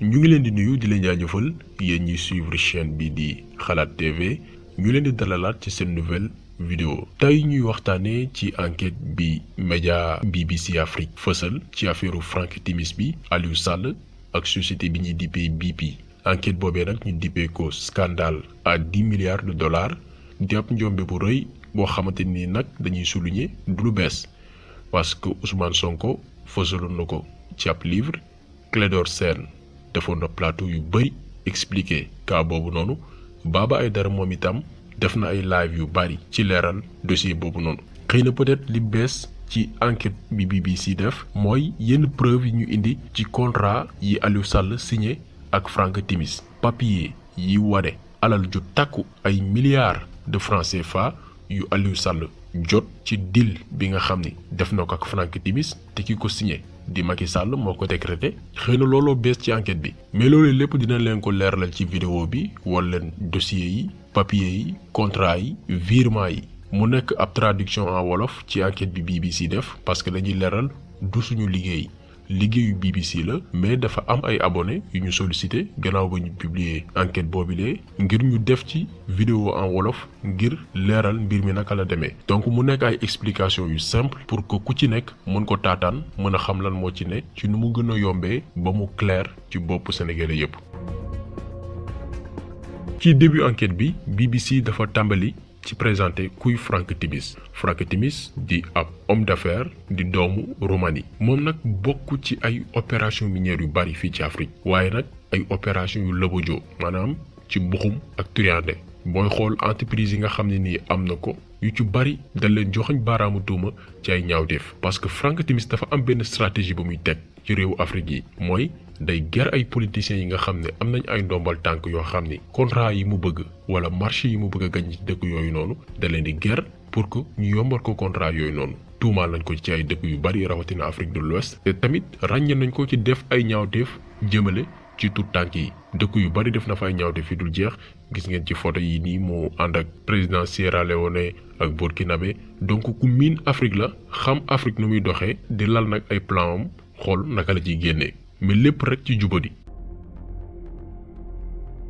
ñu ngi leen di nuyu di leen jaajëfal yéen ñi suivre chaîne bi di xalaat tv ñu leen di dalalaat ci seen nouvelle vidéo tay ñuy waxtaane ci enquête bi média bbc afrique fësal ci affaireu frank timis bi aliou sall ak société bi ñuy dippee bp enquête boobee nag ñu dippee ko scandale à 10 milliards de dollars di ab njombe bu rëy boo xamante ni nag dañuy souligner du lu bees parce que ousmane sonko fësaloon na ko ci ab livre clédor sène defoon na plateau yu bëri expliqué ka boobu noonu baba ay dara moom itam ay live yu bari ci leeral dossier boobu noonu xëy na peut-être li bees ci enquête bi BBC def moy yen preuve yi ñu indi ci contrat yi Aliou Sall signé ak Frank Timis papier yi ware alal ju takku ay milliards de francs CFA yu Aliou Sall jot ci deal bi nga xam def ak Frank Timis te signe. signé di Macky Sall moko ko décrété lolo na looloo ci enquête bi mais loolu lépp dina leen ko leeralal ci vidéo bi wala dossier yi papier yi contrat yi virement yi mu nekk ab traduction en wolof ci enquête bi BBC def parce que dañuy leeral du suñu liggéey liggéeyu BBC la mais dafa am ay abonnés yu ñu solliciter gannaaw ba ñu publier enquête bobilé. ngir ñu def ci vidéo en wolof ngir leeral mbir mi naka la demee donc mu nekk ay explication yu simple pour que ku ci nekk mën ko taataan mën a xam lan moo ci ne ci nu mu gën a yombee ba mu clair ci bopp sénégalais yépp ci début enquête bi BBC dafa tàmbali ci présenter kuy Frank Timis Frank Timis di ab homme d'affaires di domou Roumanie Mom nak bokku ci ay opération minière yu bari fi ci Afrique Waye nak ay opération yu lëbëjoo manam ci mbuxum ak turiande Boy xol entreprise yi nga xamni ni yu ci bari dañ leen joxañ baaraamu tuuma ci ay ñaawteef parce que Frank Timis dafa am benn stratégie bu muy teg ci réewu Afrique yi mooy day ger ay politiciens yi nga xam ne am nañ ay ndombal tànk yoo xam ni contrat yi mu bëgg wala marché yi mu bëgg a gañ ci dëkk yooyu noonu da leen di ger pour que ñu yombal ko contrat yooyu noonu tuumaal nañ ko ci ay dëkk yu bari rawatina Afrique de l'Ouest te tamit ràññee nañ ko ci def ay ñaawteef jëmale ci tuut tànk yi dëkk yu bari def na fa ay ñaawteef fi dul jeex gis ngeen ci photo yi nii moo ànd ak président Sierra Leone ak Burkinabé donc ku miin Afrique la xam Afrique nu muy doxee di lal nag ay plan xool naka la ciy génnee mais lépp rek ci jubadi.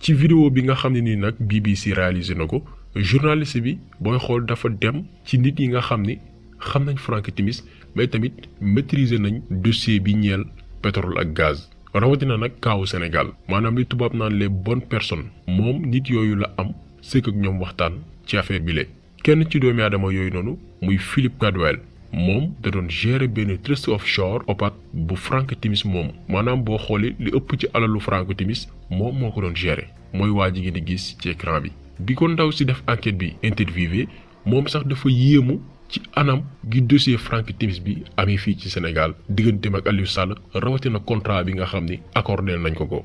ci vidéo bi nga xam ne nii nag BBC réalisé na ko journaliste bi booy xool dafa dem ci nit yi nga xam ni xam nañ Frank Timis mais tamit maîtriser nañ dossier bi ñeel pétrole ak gaz. rawatina nak kaawu Sénégal manam li tubaab naan les bonnes personnes mom nit yoyu la am c'est que ñom waxtaan ci affaire bi lé kenn ci doomi adama yoyu nonu muy philippe Cadwell mom da doon gérer ben trust offshore opat bu Frank Timis mom manam bo xolé li ëpp ci alalu Frank Timis mom moko ko gérer mooy waji gi ngi di gis ci écran bi bi ko ndaw ci def enquête bi interviewé mom sax dafa yému ci anam gi dossier Frank Timis bi amé fi ci Sénégal digganteem mak Aliou Sall na contrat bi nga xamni accordé nañ ko ko.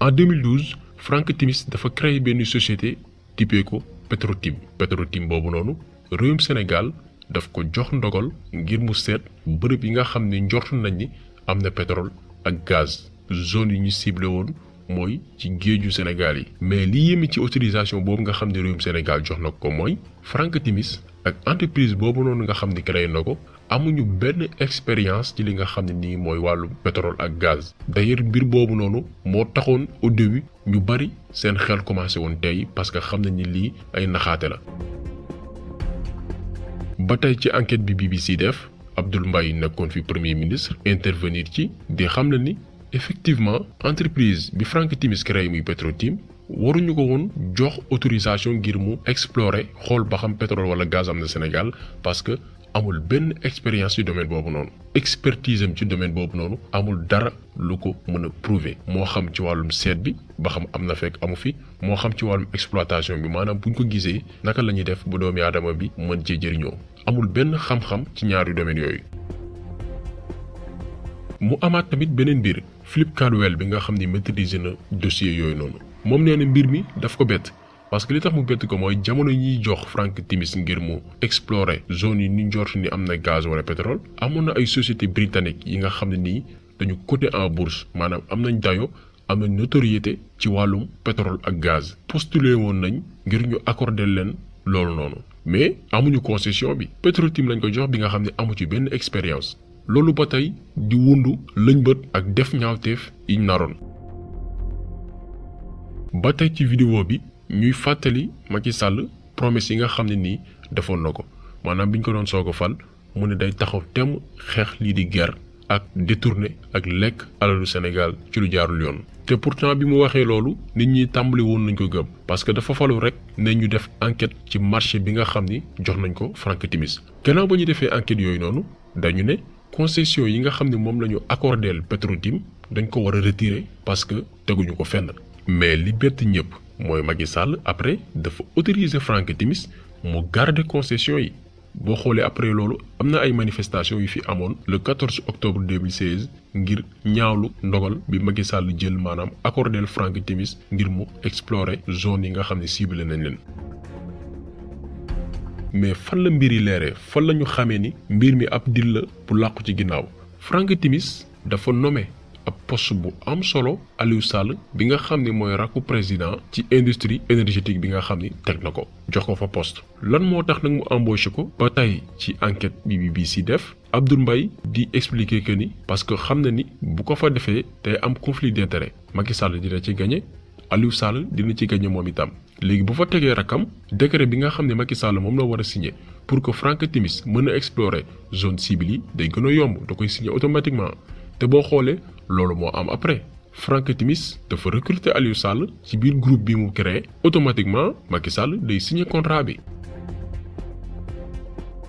en 2012 Frank Timis dafa créé benn société tippee ko Petrotim Petrotim boobu noonu réewum Sénégal daf ko jox ndogal ngir mu seet bërëb yi nga xamni ne nañ ni amna pétrole ak gaz zone yi ñu ciblé woon moy ci géeju Sénégal yi mais li yéeme ci autorisation boobu nga xam ne réewum Sénégal jox na ko mooy Frank Timis ak entreprise boobu noonu nga xam ne créé na ko amuñu benn expérience ci li nga xam ne nii mooy wàllu pétrole ak gaz d'ailleurs mbir boobu noonu moo taxoon au début ñu bari seen xel commencé woon tey parce que xam nañ ni lii ay naxaate la. ba tey ci enquête bi BBC def Abdoulaye Mbaye nekkoon fi premier ministre intervenir ci di xam ne ni effectivement entreprise bi Frank Timis créé muy Petrotim waruñu ko won jox autorisation ngir mu explorer xol baxam pétrole wala gaz am na Sénégal parce que amul ben expérience ci domaine bobu non expertise ci domaine bobu non amul dara lu ko mëna prouver mo xam ci walum set bi ba xam am na amu fi mo xam ci walum exploitation bi manam buñ ko gisé naka lañuy def bu doomi aadama bi mën ci jëriño amul ben xam-xam ci ñaari domaine yooyu mu amaat tamit benen bir Philippe Kadouel bi nga xam ni maîtriser na dossier yooyu noonu moom nee na mbir mi daf ko bett parce que li tax mu bett ko mooy jamono ñuy jox Frank Timis ngir mu explorer zone yi ñu njort ni am na gaz wala pétrole amoon na ay société britannique yi nga xam ne nii dañu coté en bourse maanaam am nañ dayo am nañ notoriété ci wàllum pétrole ak gaz postulé woon nañ ngir ñu accorder leen loolu noonu mais amuñu concession bi Petro-Tim lañ ko jox bi nga xam ne amu ci benn expérience loolu ba tey di wundu lëñbët ak def ñaawteef yiñ naroon ba tey ci vidéo bi ñuy fàttali Macky Sall promesse yi nga xam ne nii defoon na ko maanaam bi ko doon soog a fal mu ne day taxaw temm xeex lii di guerre ak détourné ak lekk alalu Sénégal ci lu jaarul yoon. te pourtant bi mu waxee loolu nit ñi tàmbali woon nañ ko gëm parce que dafa falu rek ne ñu def enquête ci marché bi nga xam ni jox nañ ko Frank Timis gannaaw ba ñu defee enquête yooyu noonu dañu ne concession yi nga xam ne moom la ñu accordeel Petrotim dañ ko war a retirer parce que teguñu ko fenn mais li bett ñëpp mooy Macky Sall après dafa autoriser Frank Timis mu garder concession yi boo xoolee après loolu am na ay manifestations yu fi amoon le 14 octobre 2016 ngir ñaawlu ndogal bi Macky Sall jël maanaam accordel Frank Timis ngir mu explorer zone yi nga xam ne ciblé nañ leen. mais fan la mbir yi leeree fan la ñu xamee ni mbir mi ab dil la bu làqu ci ginnaaw Frank Timis dafa nome ab post bu am solo Aliou Sall bi nga xam ni mooy rakku président ci industrie énergétique bi nga xam ni teg na ko jox ko fa post lan moo tax nag mu embauché ko ba tey ci enquête bi BBC def ab du mbay di expliquer que ni parce que xam na ni bu ko fa defee day am conflit d'intérêt Macky Sall la ci gagné Aliou Sall dina ci gagné moom itam léegi bu fa tegee rakam décret bi nga xam ne Macky Sall moom la war a signé pour que Franck Timis mën a explorer zone cible yi day gën a yomb da koy signé automatiquement te boo xoolee loolu moo am après Franck Timis dafa recruter Aliou Sall ci biir groupe bi mu créé automatiquement Macky Sall day signé contrat bi.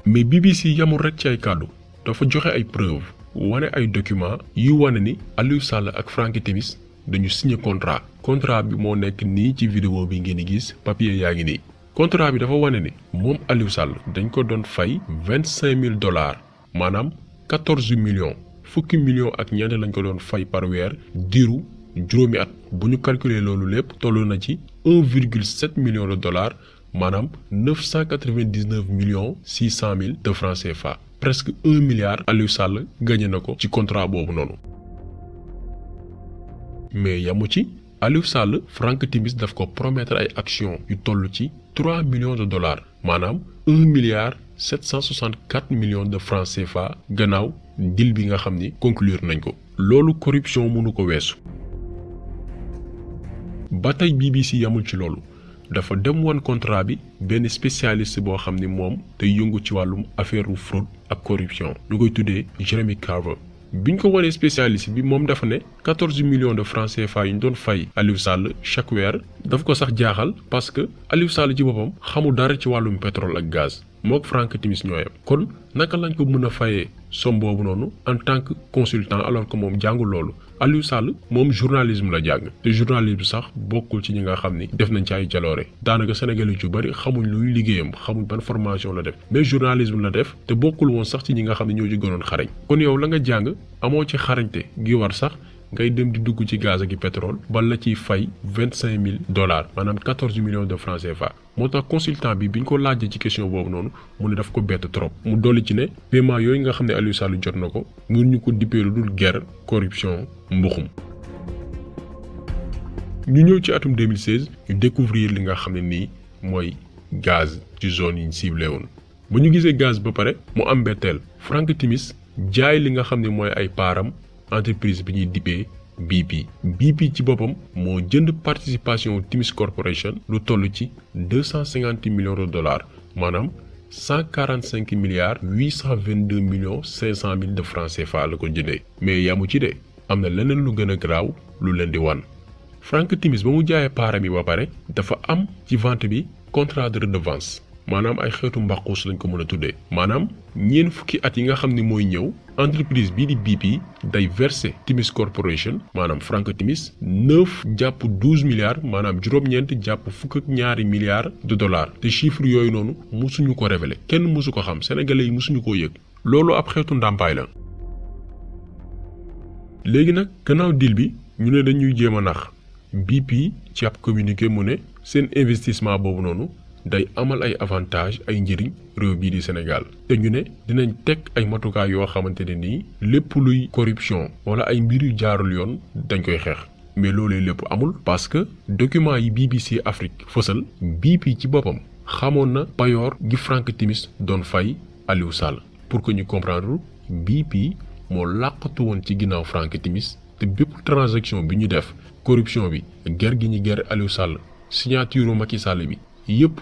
mais BBC yamul rek ci ay kàddu dafa joxe ay preuves wane ay documents yu wane ni Aliou Sall ak Franck Timis dañu signé contrat contrat bi moo nekk nii ci vidéo bi ngeen gis papier yaa ngi nii contrat bi dafa wane ni moom aliou sall dañ ko doon fay 25 mille dollars manam 14 millions fukki million ak ñeenti lañ ko doon fay par weer diru juróomi at bu ñu calculer loolu lépp toll na ci 1 virgule 7 million de dollars maanaam 999 millions 600 mille de francs CFA presque 1 milliard aliou sall gagné na ko ci contrat boobu noonu mais yamu ci Aliou Sall Frank Timis daf ko promettre ay action yu tollu ci 3 millions de dollars manam 1 milliard 764 millions de francs CFA gannaaw deal bi nga xamni conclure nañ ko. loolu corruption mënu ko wessu BBC yamul ci loolu dafa dem won contrat bi ben spécialiste bo xamni mom te yëngu ci walum affaire fraude ak corruption ñu koy Jeremy Carver biñ ko wanee spécialiste bi moom dafa ne 14 millions de francs CFA yi ñu doon fay Aliou Sall chaque weer daf ko sax jaaxal parce que Aliou Sall ci boppam xamul dara ci wàllum pétrole ak gaz mook Frank Timis ñooyam kon naka lañ ko mën a fayee somme boobu en tant que consultant alors que moom jàngul loolu Aliou moom journalisme la jàng te journalisme sax bokkul ci ñi nga xam ni def nañ ci ay jaloore daanaka sénégalais yu ci bëri xamuñ luy liggéeyam xamuñ ban formation la def mais journalisme la def te bokkul woon sax ci ñi nga xam ne ñoo ci gënoon xarañ kon yow la nga jàng amoo ci xarañte gi war sax ngay dem di dugg ci gaz ak pétrole bal la ciy fay 25000 dollars manam 14 millions de francs CFA moo tax consultant bi bi ko laajee ci question boobu noonu mu ne daf ko bett trop mu dolli ci ne paiement yooyu nga xam ne Aliou Sall jot na ko mun ñu ko dippee lu dul guerre corruption mbuxum ñu ñëw ci atum 2016 ñu découvrir li nga xam ne nii mooy gaz ci zone yi ñu ciblé woon ba ñu gisee gaz ba pare mu am mbetteel Frank Timis jaay li nga xam ne mooy ay paaram entreprise bi dibé BP BP ci bopam mo jënd participation au Timis Corporation lu toll ci 250 millions de dollars manam 145 milliards 822 millions 500 000 de francs CFA mais yamu ci dé amna leneen lu gëna graw lu leen di Frank Timis ba mu jaayé parami ba paré dafa am ci vente bi contrat de redevance maanaam ay xeetu mbàquus lañ ko mën a tuddee maanaam ñeen fukki at yi nga xam ni mooy ñëw entreprise bii di BP day versé Timis Corporation maanaam Frank Timis neuf jàpp douze milliards maanaam juróom-ñeent jàpp fukk ak ñaari milliards de dollars te chiffre yooyu noonu mosuñu ko révélé kenn mosu ko xam sénégalais yi mosuñu koo yëg loolu ab xeetu ndàmpaay la. léegi nag gannaaw deal bi ñu ne dañuy jéem a nax BP ci ab communiqué mu ne seen investissement boobu noonu. day amal ay avantage ay njëriñ réew bii di Sénégal te ñu ne dinañ teg ay matukaay yoo xamante ni lépp luy corruption wala ay mbir yu jaarul yoon dañ koy xeex mais loolee lépp amul parce que document yi BBC Afrique fësal BP ci boppam xamoon na payoor gi Frank Timis doon fay Aliou Sall pour que ñu comprendre BP moo làqatu woon ci ginnaaw Frank Timis te bépp transaction bi ñu def corruption bi ger gi ñu ger Aliou Sall signature Macky Sall bi yépp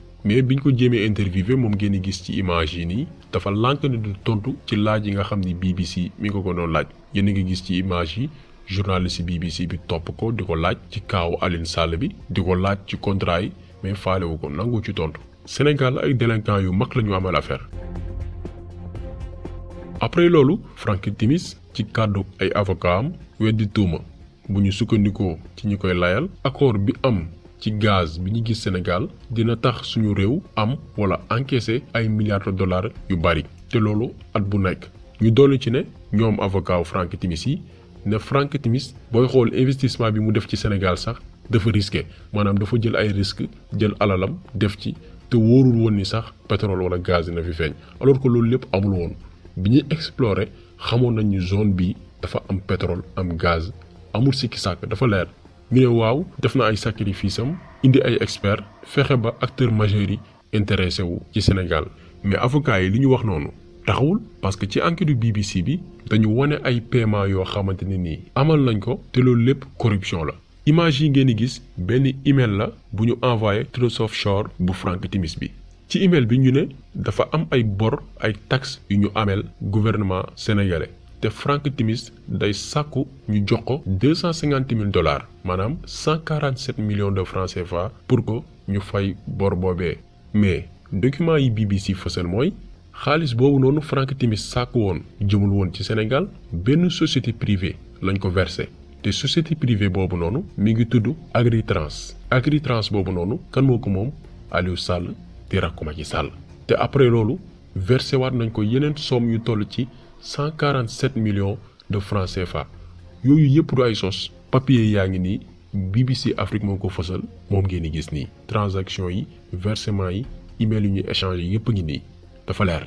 mais biñ ko jëmé interviewé mom ngeen di gis ci image yi dafa lànk du tontu ci laaj nga xamni BBC mi ngi ko ko doon laaj yéen a ci image journaliste BBC bi Top ko diko laaj ci kaawu Aline Sall bi diko laaj ci contrat yi mais faalewu ko nangu ci tontu. Sénégal ay délinquants yu mak lañu amal affaire. après lolu Frank Timis ci kàddu ay avocat am weddi tuuma bu ñu ci ñi layal accord bi am ci gaz bi ñu Sénégal dina tax suñu am wala encaisser ay milliards de dollars yu bari te loolu at bu ñu ne avocat Frank Timis ne Frank Timis booy investissement bi Sénégal sax dafa risqué dafa jël ay alalam def te wóorul woon sax pétrole wala gaz dina fi alors que loolu lépp amul woon explorer zone am pétrole am gaz ñu ne waaw def na ay sacrifice am indi ay experts fexe ba acteur majeur yi intéressé wu ci Sénégal mais avocat yi li ñu wax noonu taxawul parce que ci enquête du BBC bi dañu wane ay paiement yoo xamante ni nii amal nañ ko te loolu lépp corruption la Imagine ngeen ni gis benn email la bu ñu envoyé Trésor Shore bu Frank Timis bi ci email bi ñu ne dafa am ay bor ay taxes yu ñu ameel gouvernement sénégalais te Frank Timis day sakku ñu jox ko deux cent cinquante mille dollars Madame, 147 millions de francs CFA pour nous ñu fay bor bobé mais document yi BBC fësal moy xaliss bobu noonu Frank Timis sàkk won au won ci Sénégal ben société privée lañ ko versé société privée bobu mi ngi Agritrans Agritrans kan Aliou Sall Sall après versé nañ ko somme yu millions de francs CFA yoyu yëpp du ay sos papier yaa ngi nii BBC Afrique moo ko fësal moom ngeen di gis nii transaction yi versement yi email yi ñu échangé yëpp a ngi nii dafa leer.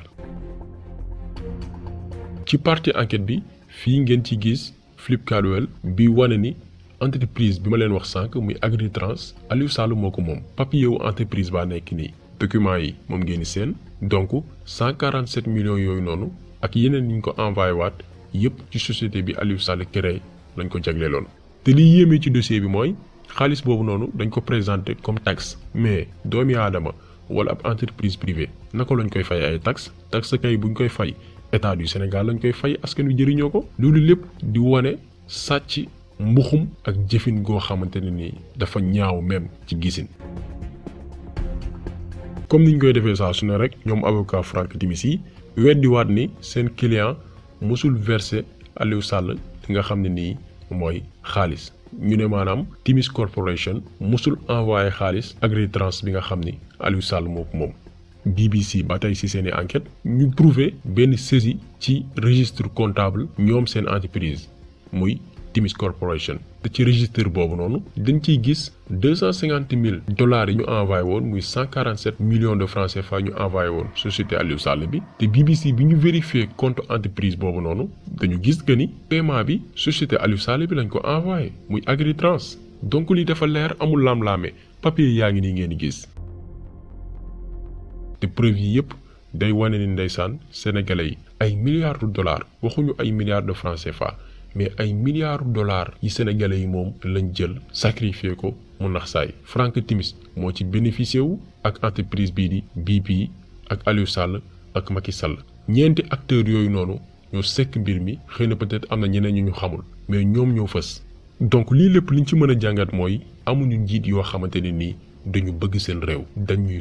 ci partie enquête bi fii ngeen ci gis Philippe Cadwell bi wane entreprise bi ma leen wax sànq muy Agritrans Aliou Sall moo ko papier wu entreprise baa nekk nii document yi moom ngeen di seen donc 147 millions yooyu noonu ak yeneen yi ñu ko envoyé waat yëpp ci société bi Aliou Sall créé lañ ko te li yéeme ci dossier bi mooy xaalis boobu noonu dañ ko présenté comme taxe mais doomi aadama wala ab entreprise privée naka lañ koy fay ay taxe taxe kay buñ koy fay état du Sénégal lañ koy fay askan wi jëriñoo ko loolu lépp di wane sàcc mbuxum ak jëfin goo xamante ne ni dafa ñaaw même ci gisin comme niñ koy defee saa su ne rek ñoom avocat Franck Timis yi weddiwaat ni seen client mosul versé Aliou Sall nga xam ne nii mooy xaalis ñu ne maanaam Timis Corporation mosul envoyé xaalis Agritrans bi nga xam ni Aliou Sall moom. BBC ba tey ci seeni enquête ñu prouvé benn saisi ci registre comptable ñoom seen entreprise muy. Timis Corporation te ci registre bobu noonu dañ ci 250 000 dollars ñu envoyé woon muy millions de francs CFA ñu envoyé woon société Aliou Sall bi BBC bi ñu compte entreprise bobu noonu dañu gis que ni paiement bi société Aliou Sall bi lañ ko envoyé muy Agritrans donc li dafa leer amul lam papier yaangi ni ngeen gis te preuve yi yëpp day wane ni ndeysaan sénégalais yi ay milliards de dollars waxuñu ay milliards de francs CFA mais ay milliards dollars yi sénégalais yi mom lañ jël sacrifié ko mu Frank Timis mo ci bénéficié wu ak entreprise bi di BP ak Aliou Sall ak Macky Sall ñenti acteurs yoyu nonu ñu sék mbir mi xeyna peut-être amna ñu xamul mais ñom ñoo donc liñ ci amuñu dañu bëgg seen dañuy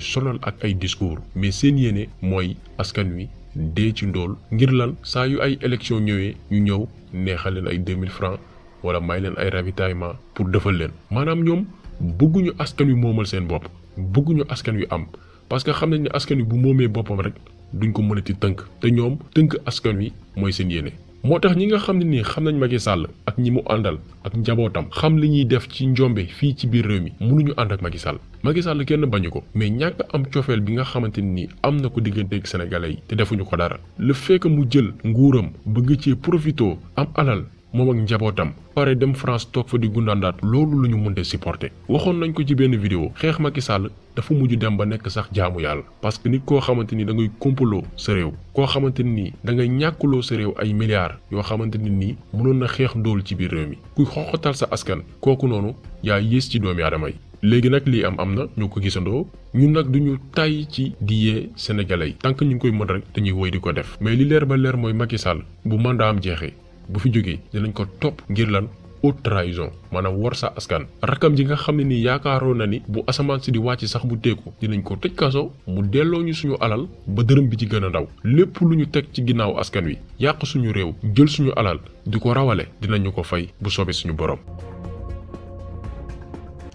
discours mais seen yéene mooy askan dee ci ndool ngir lan sa yu ay élection ñëwé ñu ñëw neexal leen ay 2000 francs wala may leen ay ravitaillement pour defal leen manam ñom bëgguñu askan wi momal seen bop bëgguñu askan wi am parce que xam nañ ne askan wi bu momé boppam rek duñ ko mëna mënati tënk te ñom tënk askan wi mooy seen yéné moo tax ñi nga xam ne nii xam nañ Macky Sall ak ñi mu àndal ak njabootam xam li ñuy def ci njombe fii ci biir réew mi mënuñu ànd ak Macky Sall Macky kenn bañu ko mais ñàkk am cofeel bi nga xamante ni am na ko digganteeg sénégalais yi te defuñu ko dara le fait mu jël nguuram bëgg ci profito am alal moom ak njabootam pare dem France toog fa di gundaandaat loolu lu ñu mënte supporter waxoon nañ ko ci benn vidéo xeex Macky sàll dafa mujj dem ba nekk sax jaamu yàlla parce que nit koo xamante ni da ngay kompaloo sa réew koo xamante ni da ngay ñàkkuloo sa réew ay milliards yoo xamante ne nii mënoon na xeex ndóol ci biir réew mi kuy xoxatal sa askan kooku noonu yaa yées ci doomi aadama yi léegi nag lii am am na ñoo ko gisandoo ñun nag duñu tàyyi ci di yee sénégalais yi tant ñu ngi koy mën rek dañuy woy di ko def mais li leer ba leer mooy Macky Sall bu mandat am jeexee bu fi jógee dinañ ko topp ngir lan haute trahison maanaam war sa askan rakam ji nga xam ne ni yaakaaroon na ni bu asamaan si di wàcc sax bu teeku dinañ ko tëj kaso mu delloo ñu suñu alal ba dërëm bi ci gën a ndaw lépp lu ñu teg ci ginnaaw askan wi yàq suñu réew jël suñu alal di ko rawale dinañu ko fay bu soobee suñu borom.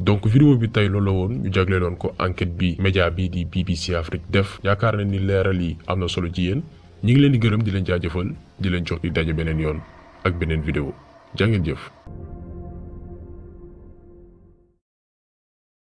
donc vidéo bi tey loolu woon ñu jagleeloon ko enquête bi média bii di BBC Afrique def yaakaar na ni leeral yi am na solo ci yéen ñu ngi leen di gërëm di leen jaajëfal di leen jox di daje beneen yoon. ak beneen vidéo jàngeen jëf